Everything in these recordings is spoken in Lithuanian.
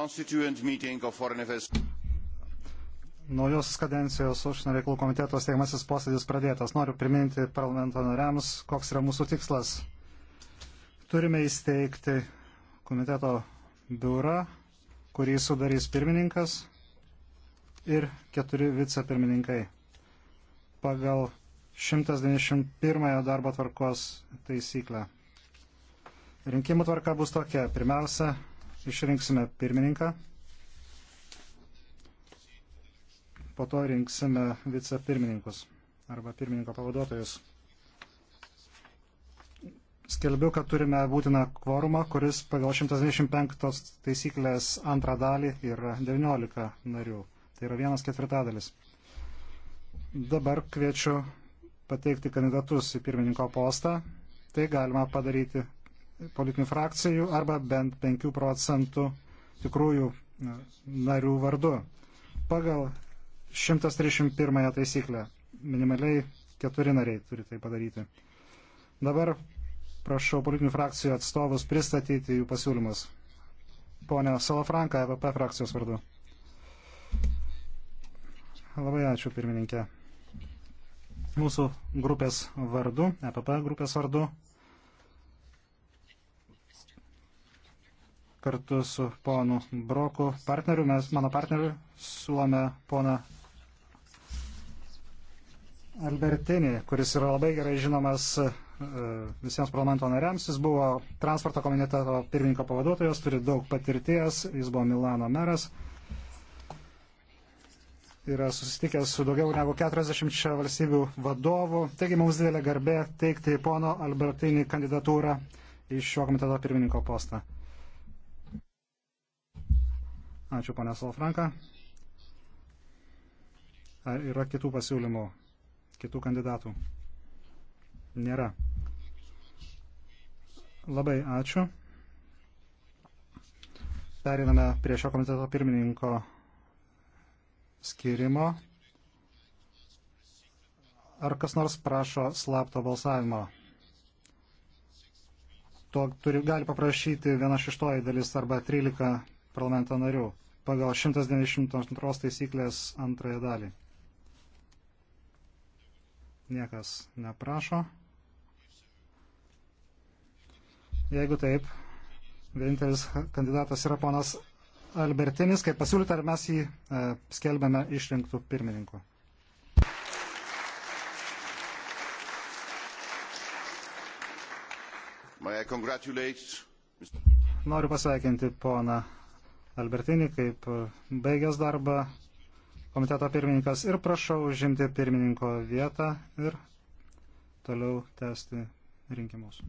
constituent meeting of Foreign Affairs. Naujosios kadencijos užsienio reikalų komiteto steigimasis posėdis pradėtas. Noriu priminti parlamento nariams, koks yra mūsų tikslas. Turime įsteigti komiteto biurą, kurį sudarys pirmininkas ir keturi vicepirmininkai. Pagal 191 darbo tvarkos taisyklę. Rinkimų tvarka bus tokia. Pirmiausia, išrinksime pirmininką, po to rinksime vicepirmininkus arba pirmininko pavaduotojus. Skelbiu, kad turime būtiną kvorumą, kuris pagal 125 taisyklės antrą dalį yra 19 narių. Tai yra vienas ketvirtadalis. Dabar kviečiu pateikti kandidatus į pirmininko postą. Tai galima padaryti politinių frakcijų arba bent 5 procentų tikrųjų narių vardu. Pagal 131 taisyklę minimaliai keturi nariai turi tai padaryti. Dabar prašau politinių frakcijų atstovus pristatyti jų pasiūlymus. Pone Salafranka, EVP frakcijos vardu. Labai ačiū, pirmininkė. Mūsų grupės vardu, EPP grupės vardu, kartu su ponu Broku partneriu, mes mano partneriu siūlome poną Albertinį, kuris yra labai gerai žinomas e, visiems parlamento nariams. Jis buvo transporto komiteto pirmininko pavaduotojas, turi daug patirties, jis buvo Milano meras. Yra susitikęs su daugiau negu 40 valstybių vadovų. Taigi mums didelė garbė teikti pono Albertinį kandidatūrą į šio komiteto pirmininko postą. Ačiū, ponė Salfranka. Ar yra kitų pasiūlymų, kitų kandidatų? Nėra. Labai ačiū. Periname prie šio komiteto pirmininko skirimo. Ar kas nors prašo slapto balsavimo? To turi, gali paprašyti viena šeštoji dalis arba trylika parlamento narių pagal 192 taisyklės antrąją dalį. Niekas neprašo. Jeigu taip, vienintelis kandidatas yra ponas Albertinis, kaip pasiūlyta, ar mes jį e, skelbėme išrinktų pirmininku. Noriu pasveikinti poną Albertinį kaip baigęs darbą komiteto pirmininkas ir prašau užimti pirmininko vietą ir toliau tęsti rinkimus.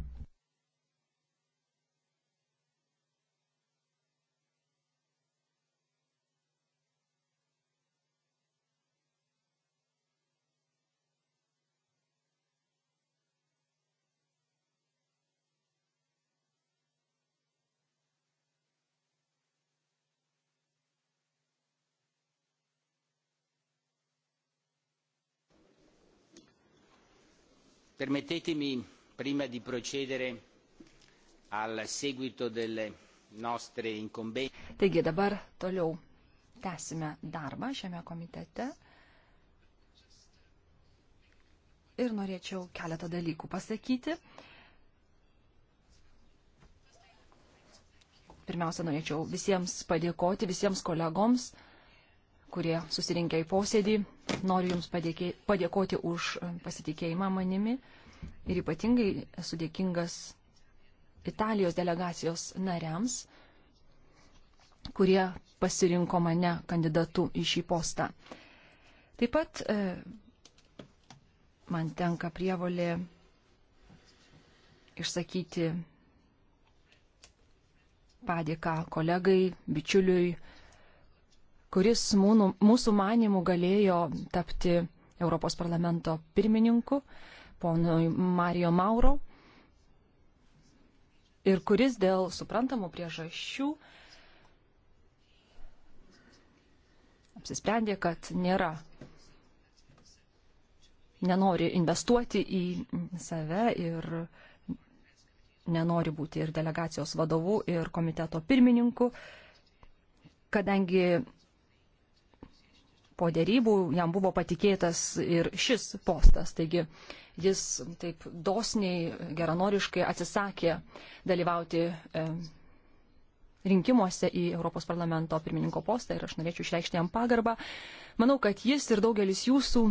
permettetemi prima di procedere al seguito delle nostre incombenze. Taigi dabar toliau tęsime darbą šiame komitete. Ir norėčiau keletą dalykų pasakyti. Pirmiausia, norėčiau visiems padėkoti, visiems kolegoms, kurie susirinkę į posėdį. Noriu Jums padėkė, padėkoti už e, pasitikėjimą manimi ir ypatingai esu dėkingas Italijos delegacijos nariams, kurie pasirinko mane kandidatu į šį postą. Taip pat e, man tenka prievolė išsakyti padėką kolegai, bičiuliui, kuris mūnų, mūsų manimų galėjo tapti Europos parlamento pirmininku, ponui Mario Mauro, ir kuris dėl suprantamų priežasčių apsisprendė, kad nėra, nenori investuoti į save ir nenori būti ir delegacijos vadovu, ir komiteto pirmininku, kadangi po dėrybų jam buvo patikėtas ir šis postas. Taigi jis taip dosniai, geranoriškai atsisakė dalyvauti e, rinkimuose į Europos parlamento pirmininko postą ir aš norėčiau išreikšti jam pagarbą. Manau, kad jis ir daugelis jūsų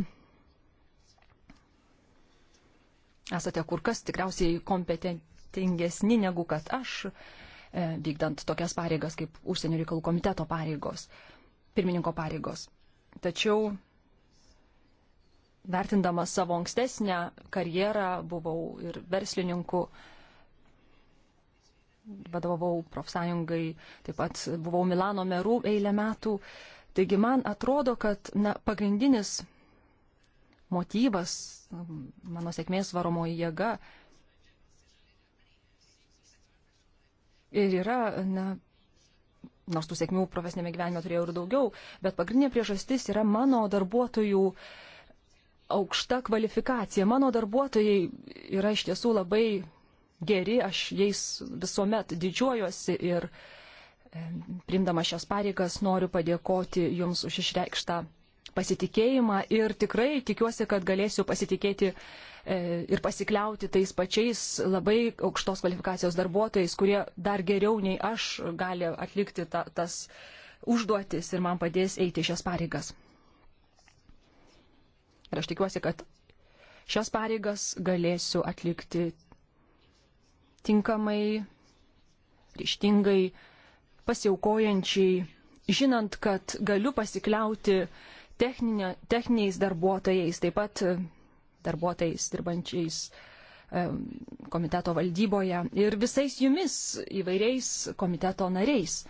esate kur kas tikriausiai kompetentingesni negu kad aš, e, vykdant tokias pareigas kaip užsienio reikalų komiteto pareigos, pirmininko pareigos. Tačiau vertindama savo ankstesnę karjerą buvau ir verslininku, vadovavau profsąjungai, taip pat buvau Milano merų eilę metų. Taigi man atrodo, kad na, pagrindinis motyvas, mano sėkmės varomoji jėga ir yra na, nors tų sėkmių profesinėme gyvenime turėjau ir daugiau, bet pagrindinė priežastis yra mano darbuotojų aukšta kvalifikacija. Mano darbuotojai yra iš tiesų labai geri, aš jais visuomet didžiuojuosi ir e, primdama šias pareigas noriu padėkoti Jums už išreikštą pasitikėjimą ir tikrai tikiuosi, kad galėsiu pasitikėti e, ir pasikliauti tais pačiais labai aukštos kvalifikacijos darbuotojais, kurie dar geriau nei aš gali atlikti ta, tas užduotis ir man padės eiti šias pareigas. Ir aš tikiuosi, kad šias pareigas galėsiu atlikti tinkamai, ryštingai, pasiaukojančiai, žinant, kad galiu pasikliauti uh, techninio, techniniais darbuotojais, taip pat e, darbuotojais dirbančiais e, komiteto valdyboje ir visais jumis įvairiais komiteto nariais.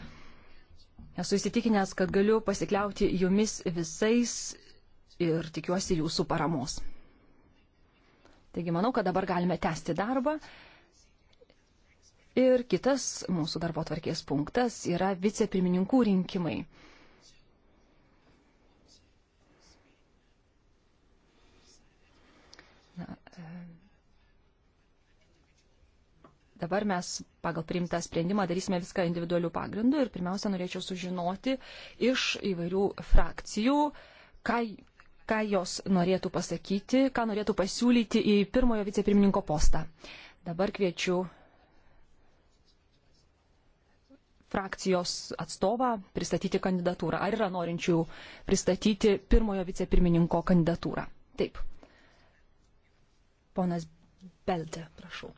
Esu įsitikinęs, kad galiu pasikliauti jumis visais ir tikiuosi jūsų paramos. Taigi manau, kad dabar galime tęsti darbą. Ir kitas mūsų darbo tvarkės punktas yra vicepirmininkų rinkimai. E, dabar mes pagal priimtą sprendimą darysime viską individualių pagrindų ir pirmiausia norėčiau sužinoti iš įvairių frakcijų, ką, ką jos norėtų pasakyti, ką norėtų pasiūlyti į pirmojo vicepirmininko postą. Dabar kviečiu frakcijos atstovą pristatyti kandidatūrą. Ar yra norinčių pristatyti pirmojo vicepirmininko kandidatūrą? Taip. Ponas Beltė, prašau.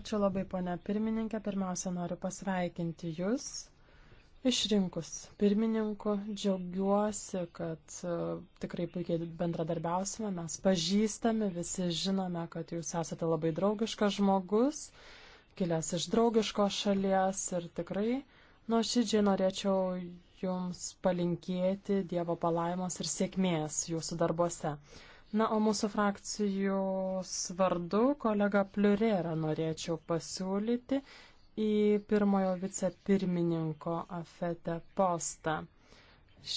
Ačiū labai, ponia pirmininkė. Pirmiausia, noriu pasveikinti Jūs. Išrinkus pirmininku džiaugiuosi, kad e, tikrai puikiai bendradarbiausime, mes pažįstami, visi žinome, kad jūs esate labai draugiškas žmogus, kilęs iš draugiškos šalies ir tikrai nuoširdžiai norėčiau Jums palinkėti Dievo palaimos ir sėkmės Jūsų darbuose. Na, o mūsų frakcijos vardu kolega Pliurėra norėčiau pasiūlyti į pirmojo vicepirmininko afete postą.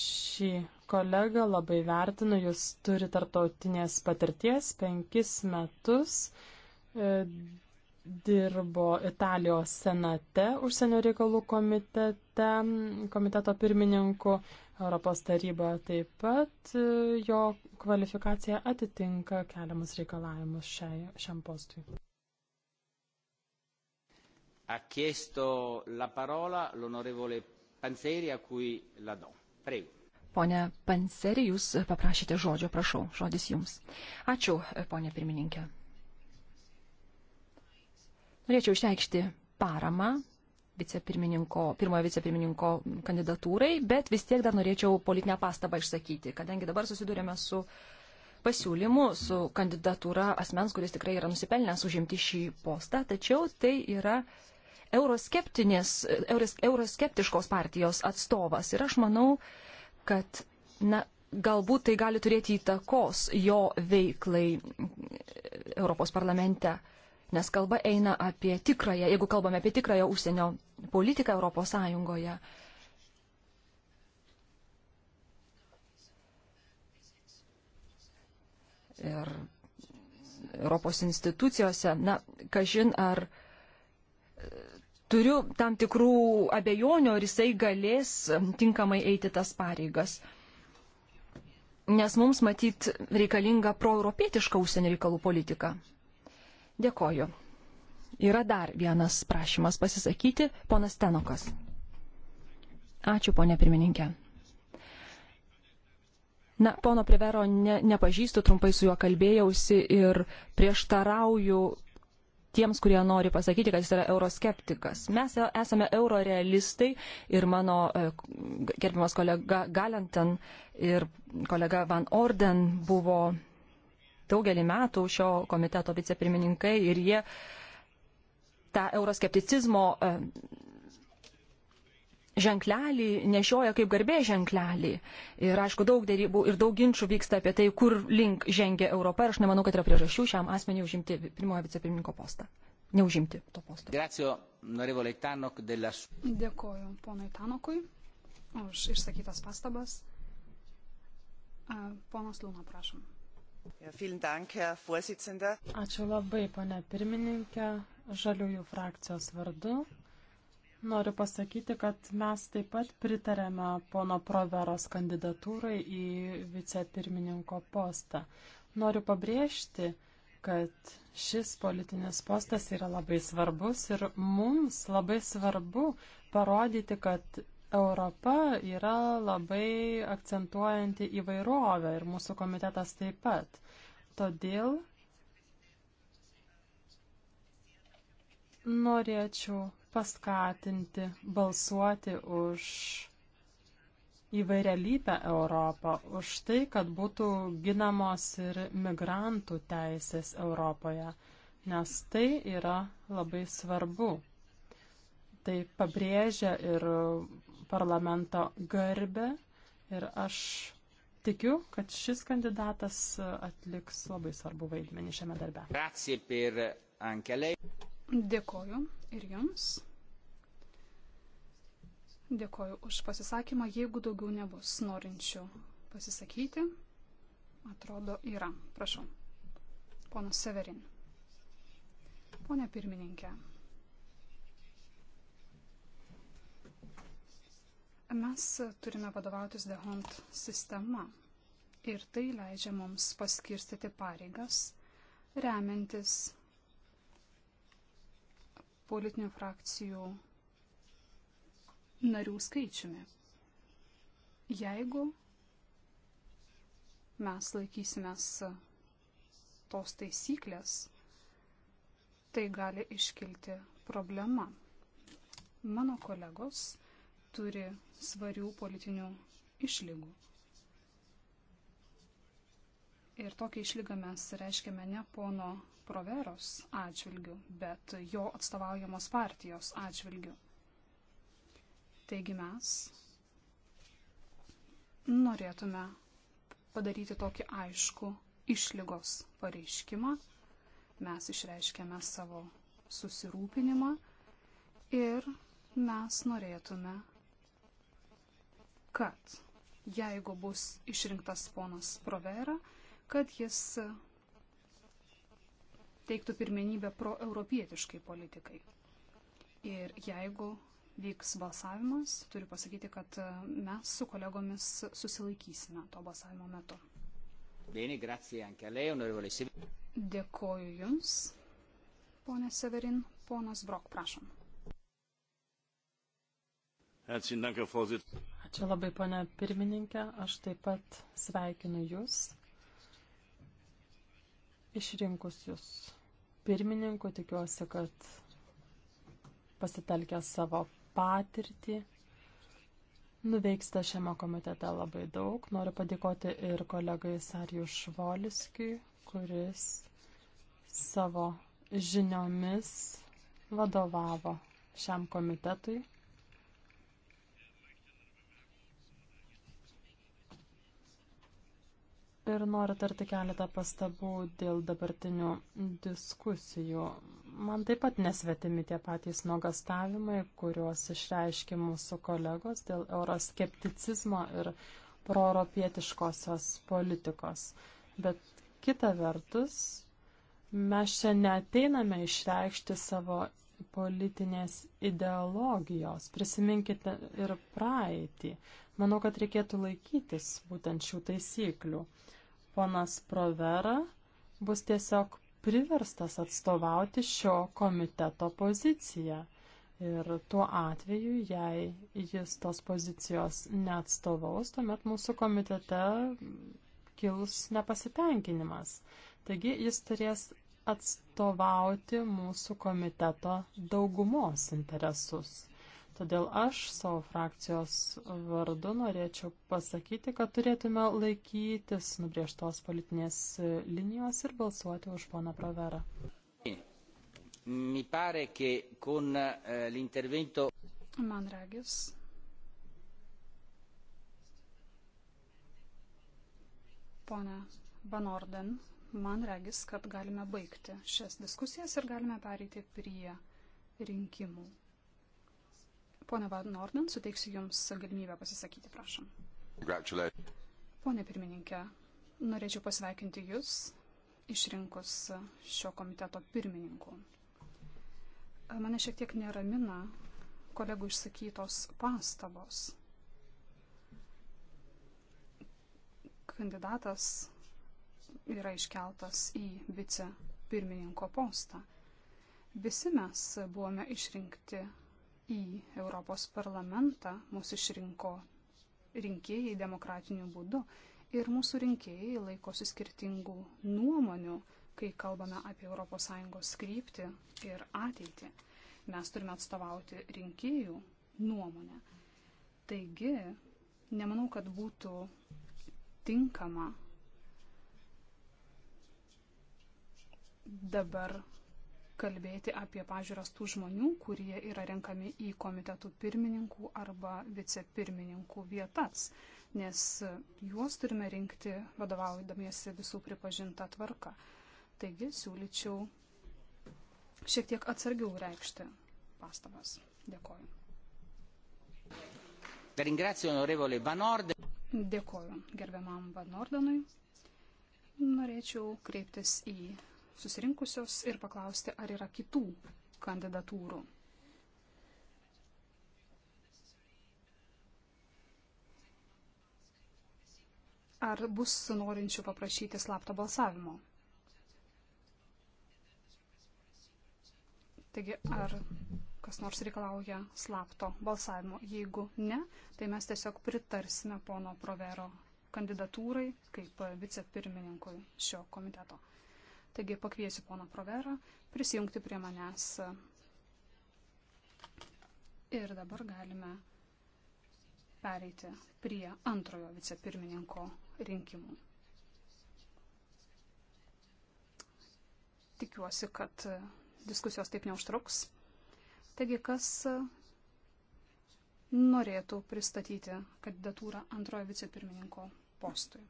Šį kolegą labai vertinu, jis turi tartautinės patirties penkis metus e, dirbo Italijos senate, užsienio reikalų komitete, komiteto pirmininku, Europos taryba taip pat jo kvalifikacija atitinka keliamus reikalavimus šiai, šiam postui. Ha chiesto la parola l'onorevole Panzeri, a cui la do. Prego. Pone Panseri, jūs paprašėte žodžio, prašau, žodis jums. Ačiū, ponė pirmininkė. Norėčiau išreikšti paramą vicepirmininko, pirmojo vicepirmininko kandidatūrai, bet vis tiek dar norėčiau politinę pastabą išsakyti, kadangi dabar susidurėme su pasiūlymu, su kandidatūra asmens, kuris tikrai yra nusipelnęs užimti šį postą, tačiau tai yra euroskeptiškos partijos atstovas. Ir aš manau, kad na, galbūt tai gali turėti įtakos jo veiklai Europos parlamente nes kalba eina apie tikrąją, jeigu kalbame apie tikrąją užsienio politiką Europos Sąjungoje. Ir Europos institucijose, na, kažin ar e, turiu tam tikrų abejonių, ar jisai galės e, tinkamai eiti tas pareigas. Nes mums matyt reikalinga proeuropietiška užsienio reikalų politika. Dėkoju. Yra dar vienas prašymas pasisakyti, ponas Tenokas. Ačiū, ponė pirmininkė. Na, pono Privero ne, nepažįstu, trumpai su juo kalbėjausi ir prieštarauju tiems, kurie nori pasakyti, kad jis yra euroskeptikas. Mes e, esame eurorealistai ir mano e, gerbiamas kolega Galenten ir kolega Van Orden buvo daugelį metų šio komiteto vicepirmininkai ir jie tą euroskepticizmo e, ženklelį nešioja kaip garbė ženklelį. Ir aišku, daug dėrybų ir daug ginčių vyksta apie tai, kur link žengia Europa. Ir aš nemanau, kad yra priežasčių šiam asmeniui užimti pirmojo vicepirmininko postą. Neužimti to posto. Dėkoju ponui Tanokui už išsakytas pastabas. E, ponas Lūna, prašom. Ačiū labai, pane pirmininkė, žaliųjų frakcijos vardu. Noriu pasakyti, kad mes taip pat pritarėme pono Proveros kandidatūrai į vicepirmininko postą. Noriu pabrėžti, kad šis politinis postas yra labai svarbus ir mums labai svarbu parodyti, kad Europa yra labai akcentuojanti įvairovę ir mūsų komitetas taip pat. Todėl norėčiau paskatinti balsuoti už įvairialypę Europą, už tai, kad būtų ginamos ir migrantų teisės Europoje, nes tai yra labai svarbu. Tai pabrėžia ir parlamento garbę ir aš tikiu, kad šis kandidatas atliks labai svarbu vaidmenį šiame darbe. Dėkoju ir jums. Dėkoju už pasisakymą, jeigu daugiau nebus norinčių pasisakyti. Atrodo, yra. Prašau. Ponas Severin. Pone pirmininkė, Mes turime vadovautis Dehont sistema ir tai leidžia mums paskirstyti pareigas, remiantis politinių frakcijų narių skaičiumi. Jeigu mes laikysimės tos taisyklės, tai gali iškilti problema. Mano kolegos turi svarių politinių išlygų. Ir tokią išlygą mes reiškiame ne pono Proveros atžvilgių, bet jo atstovaujamos partijos atžvilgių. Taigi mes norėtume padaryti tokį aišku išlygos pareiškimą. Mes išreiškėme savo susirūpinimą ir mes norėtume kad jeigu bus išrinktas ponas Provera, kad jis teiktų pirmenybę proeuropietiškai politikai. Ir jeigu vyks balsavimas, turiu pasakyti, kad mes su kolegomis susilaikysime to balsavimo metu. Bene, grazie anche a lei, onorevole Severin. Dėkoju Jums, ponė Severin. Ponas Brok, prašom. Herzlichen Dank, Herr Vorsitzender. Ačiū labai, ponia pirmininkė. Aš taip pat sveikinu Jūs, išrinkus Jūs pirmininku. Tikiuosi, kad pasitelkę savo patirtį nuveiksite šiame komitete labai daug. Noriu padėkoti ir kolegai Sarijų Švoliskiui, kuris savo žiniomis vadovavo šiam komitetui. ir noriu tarti keletą pastabų dėl dabartinių diskusijų. Man taip pat nesvetimi tie patys nuogastavimai, kuriuos išreiškė mūsų kolegos dėl euroskepticizmo ir proeuropietiškosios politikos. Bet kita vertus, mes čia neteiname išreikšti savo politinės ideologijos. Prisiminkite ir praeitį. Manau, kad reikėtų laikytis būtent šių taisyklių. Ponas Provera bus tiesiog priverstas atstovauti šio komiteto poziciją. Ir tuo atveju, jei jis tos pozicijos neatstovaus, tuomet mūsų komitete kils nepasitenkinimas. Taigi jis turės atstovauti mūsų komiteto daugumos interesus. Todėl aš savo frakcijos vardu norėčiau pasakyti, kad turėtume laikytis nubrieštos politinės linijos ir balsuoti už poną Praverą. Eh, man ragis. Pone Van Orden, man ragis, kad galime baigti šias diskusijas ir galime pereiti prie rinkimų. Pone Van Norden, suteiksiu Jums galimybę pasisakyti, prašom. Pone pirmininkė, norėčiau pasveikinti Jūs išrinkus šio komiteto pirmininku. Mane šiek tiek neramina kolegų išsakytos pastabos. Kandidatas yra iškeltas į vice pirmininko postą. Visi mes buvome išrinkti į Europos parlamentą mūsų išrinko rinkėjai demokratiniu būdu ir mūsų rinkėjai laikosi skirtingų nuomonių, kai kalbame apie ES kryptį ir ateitį. Mes turime atstovauti rinkėjų nuomonę. Taigi, nemanau, kad būtų tinkama dabar kalbėti apie pažiūras tų žmonių, kurie yra renkami į komitetų pirmininkų arba vicepirmininkų vietas, nes juos turime rinkti vadovaujamėsi visų pripažinta tvarka. Taigi siūlyčiau šiek tiek atsargiau reikšti pastabas. Dėkoju. Dėkoju gerbiamam Van Ordenui. Norėčiau kreiptis į susirinkusios ir paklausti, ar yra kitų kandidatūrų. Ar bus norinčių paprašyti slapto balsavimo? Taigi, ar kas nors reikalauja slapto balsavimo? Jeigu ne, tai mes tiesiog pritarsime pono Provero kandidatūrai kaip vicepirmininkui šio komiteto. Taigi pakviesiu poną Proverą prisijungti prie manęs. Ir dabar galime pereiti prie antrojo vicepirmininko rinkimų. Tikiuosi, kad diskusijos taip neužtruks. Taigi, kas norėtų pristatyti kandidatūrą antrojo vicepirmininko postui?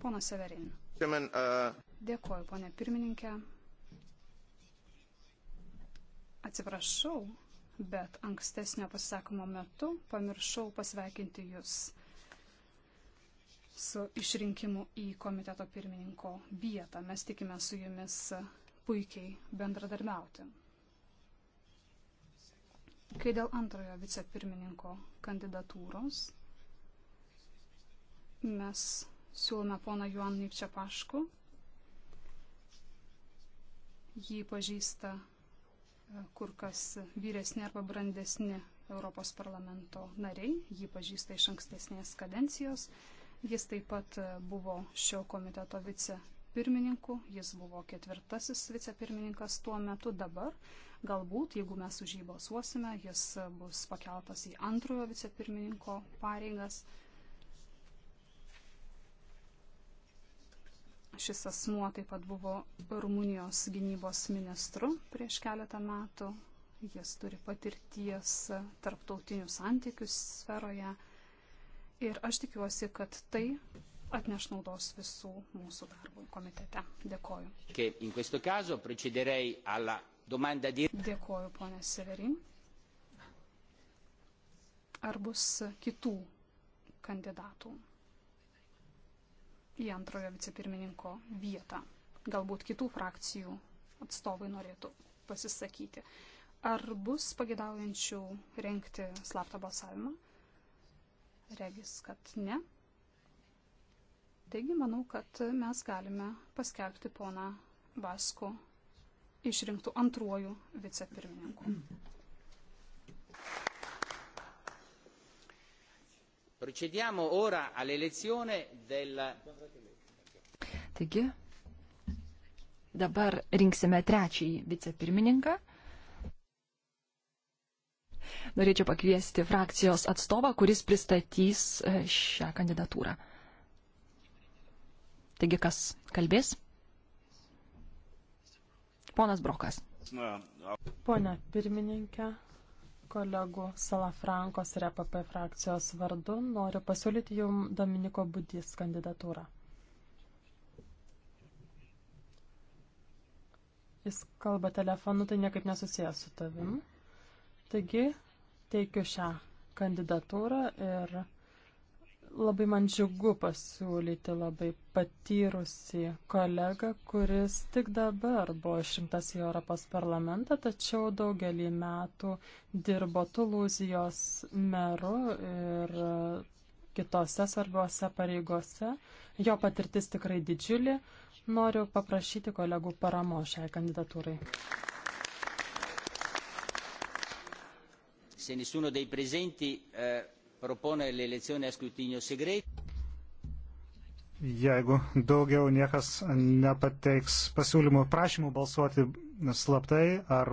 Pono Severin. Uh, Dėkuoju, ponė pirmininkė. Atsiprašau, bet ankstesnio pasisakymo metu pamiršau pasveikinti Jūs su išrinkimu į komiteto pirmininko vietą. Mes tikime su Jumis puikiai bendradarbiauti. Kai dėl antrojo vicepirmininko kandidatūros mes Siūlome poną Juanį Čiapaškų. Jį pažįsta e, kur kas vyresni arba brandesni Europos parlamento nariai. Jį pažįsta iš ankstesnės kadencijos. Jis taip pat e, buvo šio komiteto vicepirmininku. Jis buvo ketvirtasis vicepirmininkas tuo metu dabar. Galbūt, jeigu mes už jį balsuosime, jis bus pakeltas į antrojo vicepirmininko pareigas. Šis asmuo taip pat buvo Rumunijos gynybos ministru prieš keletą metų. Jis turi patirties tarptautinių santykių sferoje. Ir aš tikiuosi, kad tai atneš naudos visų mūsų darbų komitete. Dėkoju. Dėkoju, ponė Severin. Ar bus kitų kandidatų? į antrojo vicepirmininko vietą. Galbūt kitų frakcijų atstovai norėtų pasisakyti. Ar bus pagėdaujančių renkti slaptą balsavimą? Regis, kad ne. Taigi, manau, kad mes galime paskelbti poną Vasku išrinktų antruoju vicepirmininku. Procediamo ora all'elezione del. Taigi, dabar rinksime trečiąjį vicepirmininką. Norėčiau pakviesti frakcijos atstovą, kuris pristatys e, šią kandidatūrą. Taigi, kas kalbės? Ponas Brokas. Pone pirmininkė, kolegų Salafrankos ir EPP frakcijos vardu noriu pasiūlyti jums Dominiko Budys kandidatūrą. Jis kalba telefonu, tai niekaip nesusijęs su tavim. Taigi, teikiu šią kandidatūrą ir Labai man džiugu pasiūlyti labai patyrusi kolegą, kuris tik dabar buvo išrinktas į Europos parlamentą, tačiau daugelį metų dirbo Tulūzijos meru ir kitose svarbiose pareigose. Jo patirtis tikrai didžiulė. Noriu paprašyti kolegų paramo šiai kandidatūrai. Se nessuno dei presenti eh, propone l'elezione a scrutinio segreto. Jeigu daugiau niekas nepateiks pasiūlymų prašymų balsuoti slaptai ar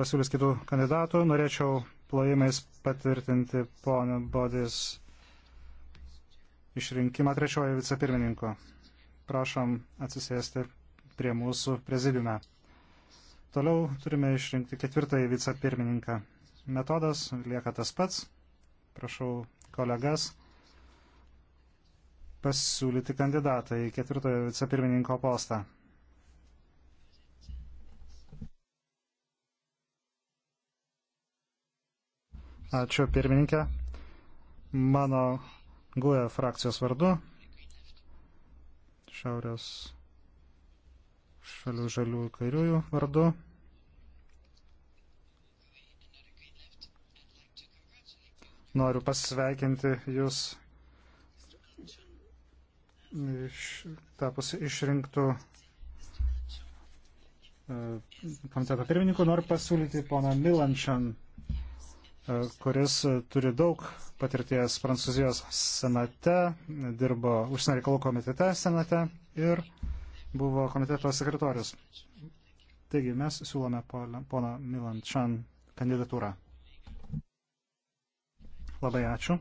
pasiūlys kitų kandidatų, norėčiau plojimais patvirtinti ponio Bodis išrinkimą trečiojo vicepirmininko. Prašom atsisėsti prie mūsų prezidiume. Toliau turime išrinkti ketvirtąjį vicepirmininką metodas lieka tas pats. Prašau kolegas pasiūlyti kandidatą į ketvirtojo vicepirmininko postą. Ačiū pirmininkė. Mano GUE frakcijos vardu Šiaurės šalių žalių kairiųjų vardu Noriu pasveikinti Jūs iš, tapus išrinktų e, komiteto pirmininku. Noriu pasiūlyti poną Milančian, e, kuris turi daug patirties Prancūzijos senate, dirbo užsienio reikalų komitete senate ir buvo komiteto sekretorius. Taigi mes siūlome poną Milančian kandidatūrą. Labai ačiū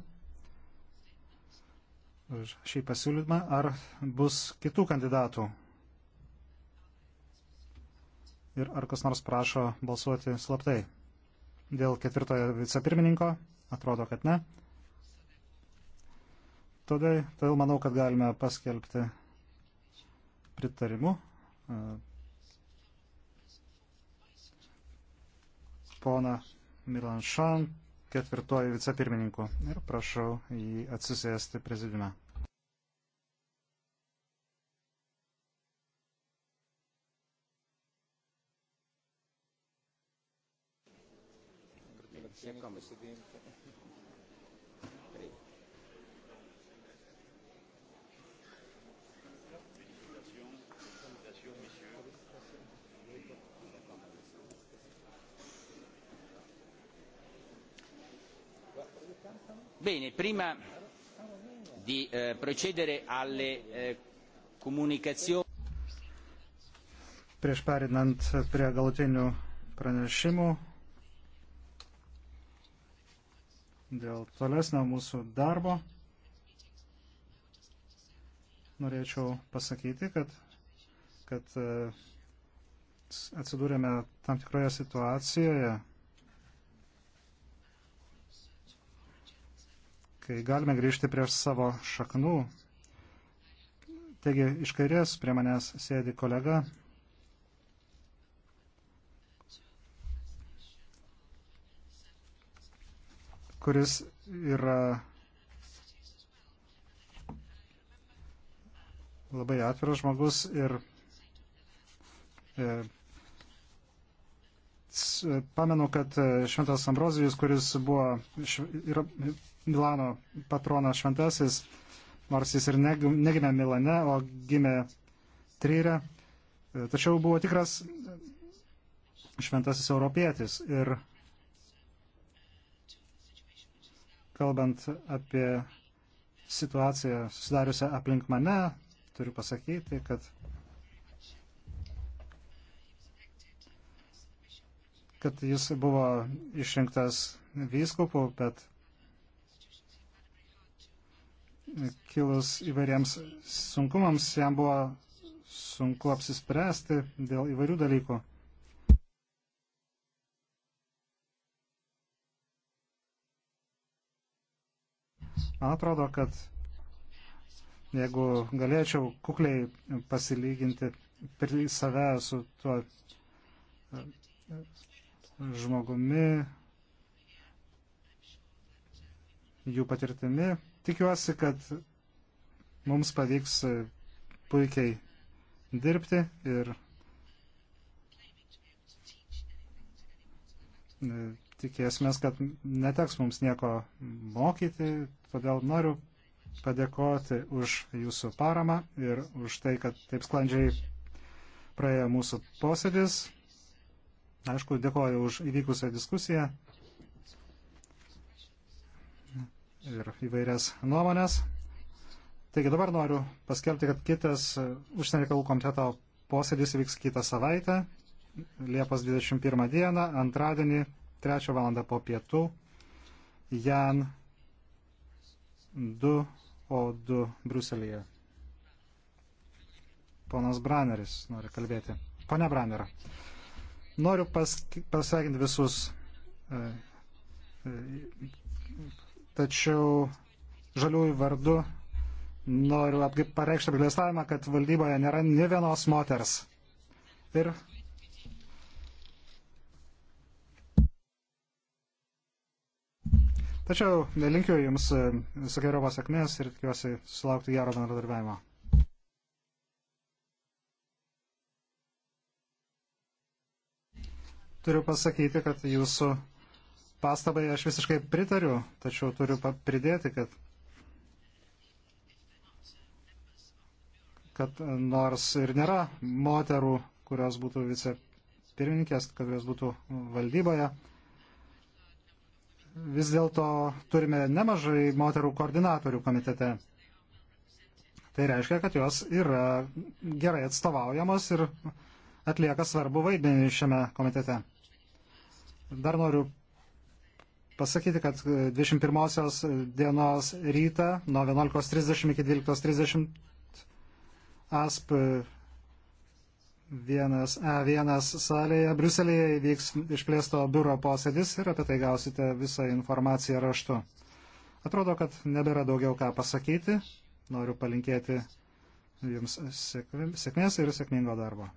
už šį pasiūlymą. Ar bus kitų kandidatų? Ir ar kas nors prašo balsuoti slaptai? Dėl ketvirtojo vicepirmininko? Atrodo, kad ne. Todėl, todėl manau, kad galime paskelbti pritarimu pona Milanšan ketvirtuoju vicepirmininku ir prašau jį atsisėsti prezidiume. Grazie, Presidente. Bene, prima di eh, procedere alle eh, comunicazioni. Prieš perinant prie galutinių pranešimų dėl tolesnio mūsų darbo, norėčiau pasakyti, kad, kad eh, atsidūrėme tam tikroje situacijoje, kai galime grįžti prie savo šaknų. Taigi, iš kairės prie manęs sėdi kolega. kuris yra labai atviras žmogus ir e, pamenu, kad e, Šventas Ambrozijus, kuris buvo, yra, Milano patronas šventasis, nors jis ir negimė Milane, o gimė Tryre, e, tačiau buvo tikras šventasis europietis. Ir kalbant apie situaciją susidariusią aplink mane, turiu pasakyti, kad kad jis buvo išrinktas vyskupu, bet kilus įvairiems sunkumams, jam buvo sunku apsispręsti dėl įvairių dalykų. Man atrodo, kad jeigu galėčiau kukliai pasilyginti save su tuo e, žmogumi, jų patirtimi, Tikiuosi, kad mums pavyks puikiai dirbti ir e, tikėsimės, kad neteks mums nieko mokyti, todėl noriu padėkoti už jūsų paramą ir už tai, kad taip sklandžiai praėjo mūsų posėdis. Aišku, dėkoju už įvykusią diskusiją. ir įvairias nuomonės. Taigi dabar noriu paskelbti, kad kitas užsienio reikalų komiteto posėdis vyks kitą savaitę, Liepos 21 dieną, antradienį, 3 val. po pietų, Jan 2, O2 Bruselėje. Ponas Braneris nori kalbėti. Pone Braner, noriu pas, pasveikinti visus e, e, tačiau žaliųjų vardu noriu pareikšti apgailestavimą, kad valdyboje nėra ne vienos moters. Ir Tačiau linkiu Jums e, visokiojo sėkmės ir tikiuosi sulaukti gero bendradarbiavimo. Turiu pasakyti, kad Jūsų pastabai aš visiškai pritariu, tačiau turiu pridėti, kad, kad nors ir nėra moterų, kurios būtų vicepirmininkės, kad jos būtų valdyboje, vis dėlto turime nemažai moterų koordinatorių komitete. Tai reiškia, kad jos yra gerai atstovaujamos ir atlieka svarbu vaidmenį šiame komitete. Dar noriu pasakyti, kad 21 e, dienos rytą nuo 11.30 iki 12.30 ASP 1A1 salėje Briuselėje įvyks išplėsto biuro posėdis ir apie tai gausite visą informaciją raštu. Atrodo, kad nebėra daugiau ką pasakyti. Noriu palinkėti Jums sėkmės ir sėkmingo darbo.